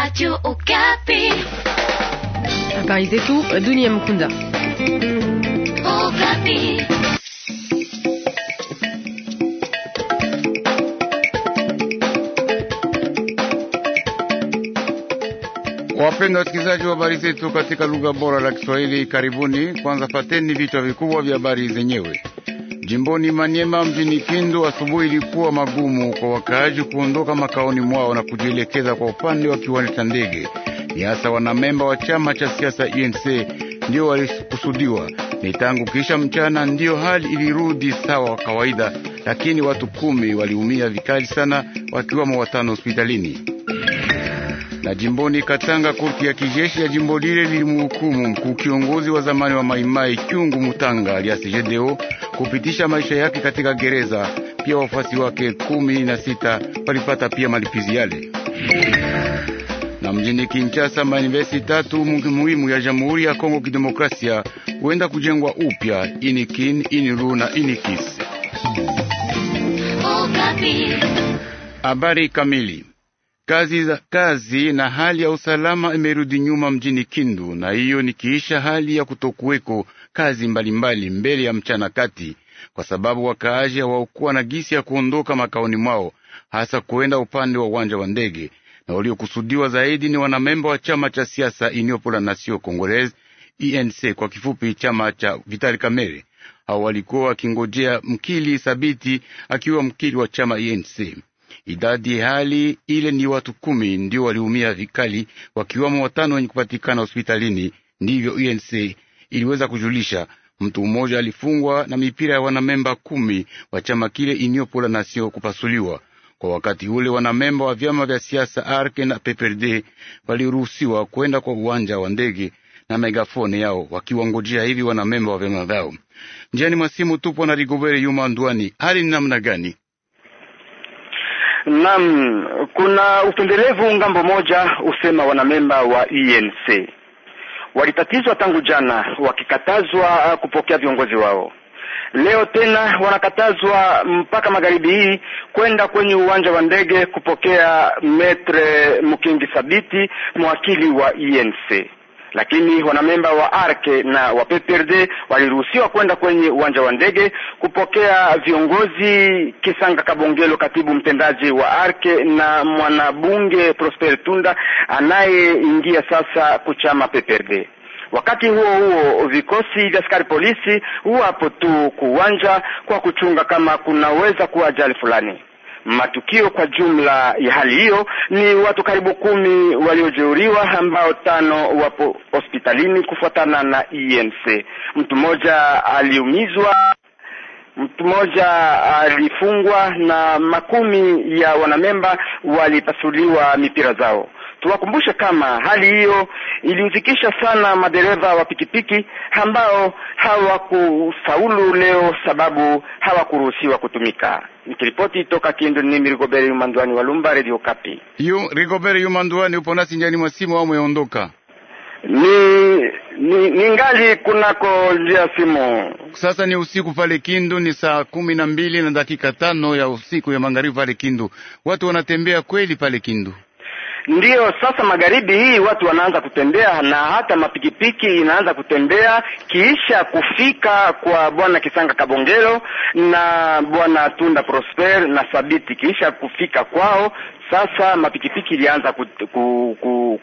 Radio Okapi. Habari zetu dunia Mkunda. Okapi. Wapenda wasikilizaji wa habari zetu katika lugha bora la Kiswahili, karibuni. Kwanza pateni vichwa vikubwa vya habari zenyewe. Jimboni Manyema mjini Kindu, asubuhi ilikuwa magumu kwa wakaaji kuondoka makaoni mwao na kujielekeza kwa upande wa kiwanja cha ndege. Ni hasa wanamemba wa chama cha siasa UNC e ndio walikusudiwa. Ni tangu kisha mchana ndiyo hali ilirudi sawa kawaida, lakini watu kumi waliumia vikali sana, wakiwamo watano hospitalini. Na jimboni Katanga, korti ya kijeshi ya jimbo lile lilimhukumu mkuu kiongozi wa zamani wa Maimai Kyungu Mutanga aliasi Jedeo kupitisha maisha yake katika gereza. Pia wafuasi wake kumi na sita walipata pia malipizi yale. Na mjini Kinshasa, mauniversiti tatu muhimu ya Jamhuri ya Kongo Kidemokrasia huenda kujengwa upya, Inikin, Iniru na Inikis. Oh, Habari kamili kazi za kazi na hali ya usalama imerudi nyuma mjini Kindu, na hiyo nikiisha hali ya kutokuweko kazi mbalimbali mbali mbele ya mchana kati, kwa sababu wakaaji hawakuwa na gisi ya kuondoka makaoni mwao, hasa kuenda upande wa uwanja wa ndege, na waliokusudiwa zaidi ni wanamemba wa chama cha siasa Union pour la Nation Congolaise ENC kwa kifupi, chama cha Vitali Kamere. Hao walikuwa wakingojea mkili thabiti akiwa mkili wa chama ENC. Idadi hali ile ni watu kumi ndio waliumia vikali, wakiwamo watano wenye kupatikana hospitalini, ndivyo UNC iliweza kujulisha. Mtu mmoja alifungwa na mipira ya wanamemba kumi wa chama kile iniopola na sio kupasuliwa kwa wakati ule. Wanamemba wa vyama vya siasa Arke na PPRD waliruhusiwa kwenda kwa uwanja wa ndege na megafone yao wakiwangojea hivi wanamemba wa vyama vyao. Njiani mwa simu tupo na Rigobere Yuma Ndwani, hali ni namna gani? Naam, kuna upendelevu ngambo moja usema wanamemba wa UNC e walitatizwa tangu jana, wakikatazwa uh, kupokea viongozi wao. Leo tena wanakatazwa mpaka magharibi hii kwenda kwenye uwanja wa ndege kupokea Metre mkingi Sabiti, mwakili wa enc lakini wanamemba wa ARC na wa PPRD waliruhusiwa kwenda kwenye uwanja wa ndege kupokea viongozi Kisanga Kabongelo, katibu mtendaji wa ARC na mwanabunge Prosper Tunda anayeingia sasa kuchama PPRD. Wakati huo huo, vikosi vya askari polisi huwapo tu kuwanja kwa kuchunga kama kunaweza kuwa ajali fulani. Matukio kwa jumla ya hali hiyo ni watu karibu kumi waliojeruhiwa, ambao tano wapo hospitalini kufuatana na ENC. Mtu mmoja aliumizwa, mtu mmoja alifungwa na makumi ya wanamemba walipasuliwa mipira zao. Tuwakumbushe kama hali hiyo ilihuzikisha sana madereva wa pikipiki ambao hawakufaulu leo sababu hawakuruhusiwa kutumika. Nikiripoti toka Kindu, nimi Rigobert Yumandwani wa Lumba, Radio Kapi. Yu Rigobert Yumandwani, upo nasi njani mwa simu au umeondoka? Ni, ni, ni ngali kunako njia simu. Sasa ni usiku pale Kindu, ni saa kumi na mbili na dakika tano ya usiku ya magharibi pale Kindu. Watu wanatembea kweli pale Kindu. Ndiyo sasa magharibi hii watu wanaanza kutembea na hata mapikipiki inaanza kutembea kiisha kufika kwa bwana Kisanga Kabongero na bwana Tunda Prosper na Sabiti. Kiisha kufika kwao, sasa mapikipiki ilianza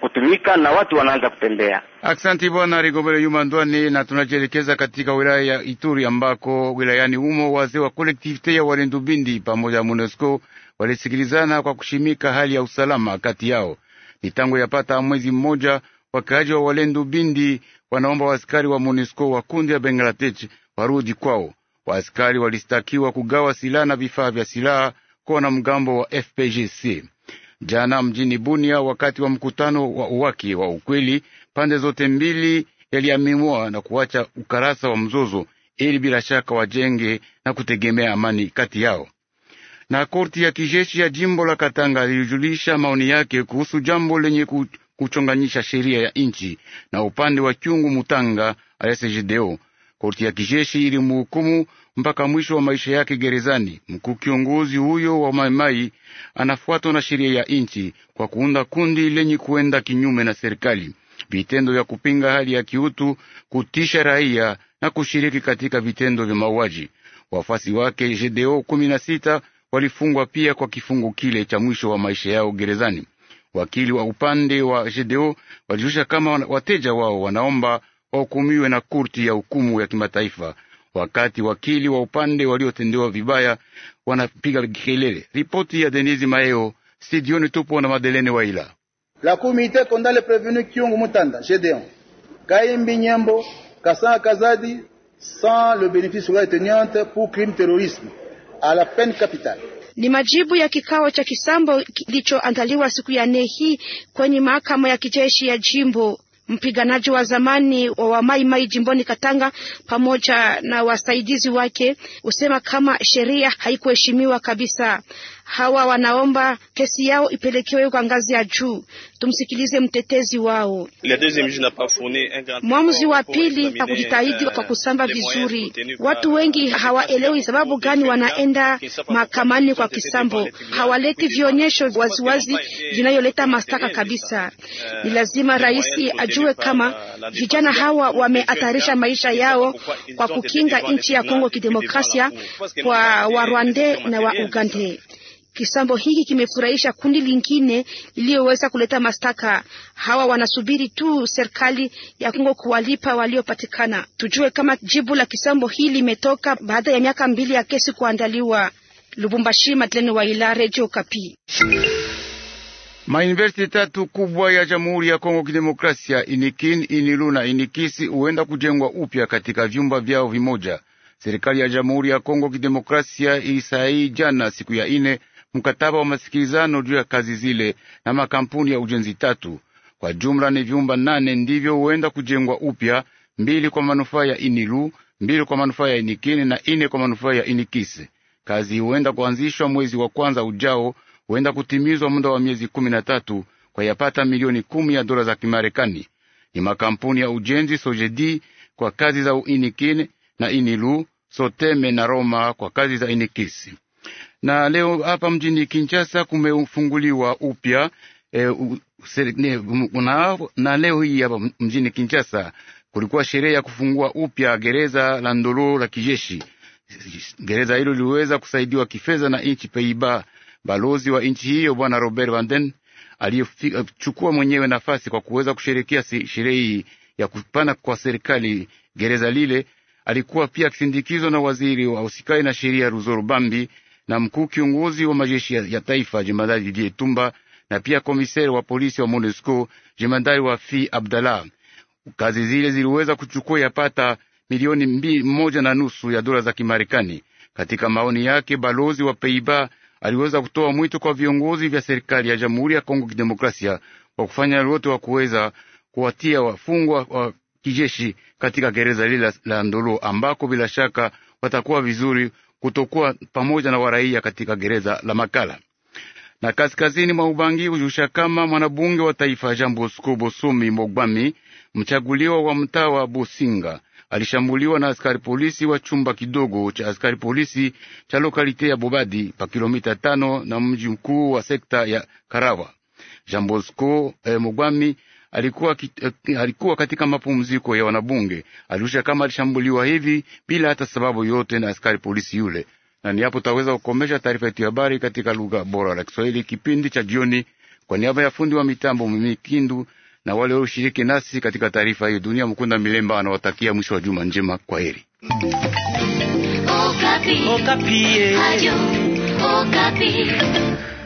kutumika na watu wanaanza kutembea. Aksanti bwana Rigobero Yuma Ndwani. Na tunajielekeza katika wilaya ya Ituri ambako wilayani humo wazee wa kolektivite ya Walendubindi pamoja na UNESCO walisikilizana kwa kushimika hali ya usalama kati yao. Ni tangu yapata mwezi mmoja, wakaaji wa Walendu Bindi wanaomba waaskari wa MONUSCO wa kundi ya Bangladesh warudi kwao. Waaskari walistakiwa kugawa silaha na vifaa vya silaha kwa wanamgambo wa FPGC jana mjini Bunia, wakati wa mkutano wa uwaki wa ukweli. Pande zote mbili yaliamimua na kuacha ukarasa wa mzozo ili bila shaka wajenge na kutegemea amani kati yao na korti ya kijeshi ya jimbo la Katanga lilijulisha maoni yake kuhusu jambo lenye kuchonganyisha sheria ya nchi na upande wa Kyungu Mutanga asgdo. Korti ya kijeshi ilimhukumu mpaka mwisho wa maisha yake gerezani. Mkuu kiongozi huyo wa Maimai anafuatwa na sheria ya nchi kwa kuunda kundi lenye kuenda kinyume na serikali, vitendo vya kupinga hali ya kiutu, kutisha raia na kushiriki katika vitendo vya mauaji. Wafuasi wake GDO kumi na sita walifungwa pia kwa kifungo kile cha mwisho wa maisha yao gerezani. Wakili wa upande wa GDO walijulisha kama wateja wao wanaomba wahukumiwe na kurti ya hukumu ya kimataifa, wakati wakili wa upande waliotendewa vibaya wanapiga kelele. Ripoti ya Denizi Maeo, studioni tupo na Madelene Waila. La Comité condamne le prévenu Kyungu Mutanda, Kaimbi Nyembo, kasanga Kazadi, sans le bénéfice la pour crime terrorisme à la peine capitale. Ni majibu ya kikao cha kisambo kilichoandaliwa siku ya nne hii kwenye mahakama ya kijeshi ya jimbo. Mpiganaji wa zamani wa Wamaimai jimboni Katanga pamoja na wasaidizi wake husema kama sheria haikuheshimiwa kabisa. Hawa wanaomba kesi yao ipelekewe kwa ngazi ya juu. Tumsikilize mtetezi wao. Mwamuzi wa pili hakujitahidi kwa euh, kusamba vizuri. Watu wengi hawaelewi sababu gani wanaenda mahakamani kwa kisambo, hawaleti vionyesho waziwazi vinayoleta mastaka kabisa. Ni lazima euh, rais ajue kama euh, vijana hawa wamehatarisha maisha yao kwa kukinga nchi ya Kongo Kidemokrasia kwa Warwande na Waugande. Kisambo hiki kimefurahisha kundi lingine iliyoweza kuleta mastaka. Hawa wanasubiri tu serikali ya Kongo kuwalipa waliopatikana. Tujue kama jibu la kisambo hii limetoka baada ya miaka mbili ya kesi kuandaliwa. Lubumbashi, Madeleine Waila, Radio Kapi. Mauniversiti tatu kubwa ya Jamhuri ya Kongo Kidemokrasia, Inikin, Inilu na Inikisi huenda kujengwa upya katika vyumba vyao vimoja. Serikali ya Jamhuri ya Kongo Kidemokrasia ilisaini jana siku ya ine mkataba wa masikilizano juu ya kazi zile na makampuni ya ujenzi tatu. Kwa jumla ni vyumba nane ndivyo huenda kujengwa upya, mbili kwa manufaa ya Inilu, mbili kwa manufaa ya Inikini na ine kwa manufaa ya Inikisi. Kazi huenda kuanzishwa mwezi wa kwanza ujao, huenda kutimizwa muda wa miezi kumi na tatu kwa yapata milioni kumi ya dola za Kimarekani. Ni makampuni ya ujenzi Sojedi kwa kazi za Uinikini na Inilu, Soteme na Roma kwa kazi za Inikisi na leo hapa mjini Kinshasa kumefunguliwa upya e, na, na leo hii hapa mjini Kinshasa kulikuwa sherehe ya kufungua upya gereza la Ndolo la kijeshi. Gereza hilo liliweza kusaidiwa kifedha na nchi Peiba. Balozi wa nchi hiyo bwana Robert Vanden aliyechukua mwenyewe nafasi kwa kuweza kusherekea sherehe hii ya kupana kwa serikali gereza lile, alikuwa pia akisindikizwa na waziri wa usikai na sheria Ruzoru Bambi na mkuu kiongozi wa majeshi ya, ya taifa jemadari Didier Tumba na pia komiseri wa polisi wa MONUSCO jemadari wa Fi Abdallah. Kazi zile ziliweza kuchukua yapata milioni mbi, moja na nusu ya dola za Kimarekani. Katika maoni yake, balozi wa Peiba aliweza kutoa mwito kwa viongozi vya serikali ya Jamhuri ya Kongo Kidemokrasia kwa kufanya lolote wa kuweza kuwatia wafungwa wa kijeshi katika gereza lile la Ndolo ambako bila shaka watakuwa vizuri kutokuwa pamoja na waraia katika gereza la Makala na kaskazini mwa Ubangi hujusha kama mwanabunge wa taifa Jean Bosco Bosomi Mogwami, mchaguliwa wa mtaa wa Bosinga, alishambuliwa na askari polisi wa chumba kidogo cha askari polisi cha lokalite ya Bobadi pa kilomita tano na mji mkuu wa sekta ya Karawa. Jean Bosco eh, Mogwami alikuwa, eh, alikuwa katika mapumziko ya wanabunge. Alirusha kama alishambuliwa hivi bila hata sababu yote na askari polisi yule. Na ni hapo taweza kukomesha taarifa yetu ya habari katika lugha bora la Kiswahili kipindi cha jioni, kwa niaba ya fundi wa mitambo Mimi Kindu na wale walioshiriki nasi katika taarifa hiyo. Dunia Mkunda Milemba anawatakia mwisho wa juma njema. Kwa heri. Okapi. Okapi.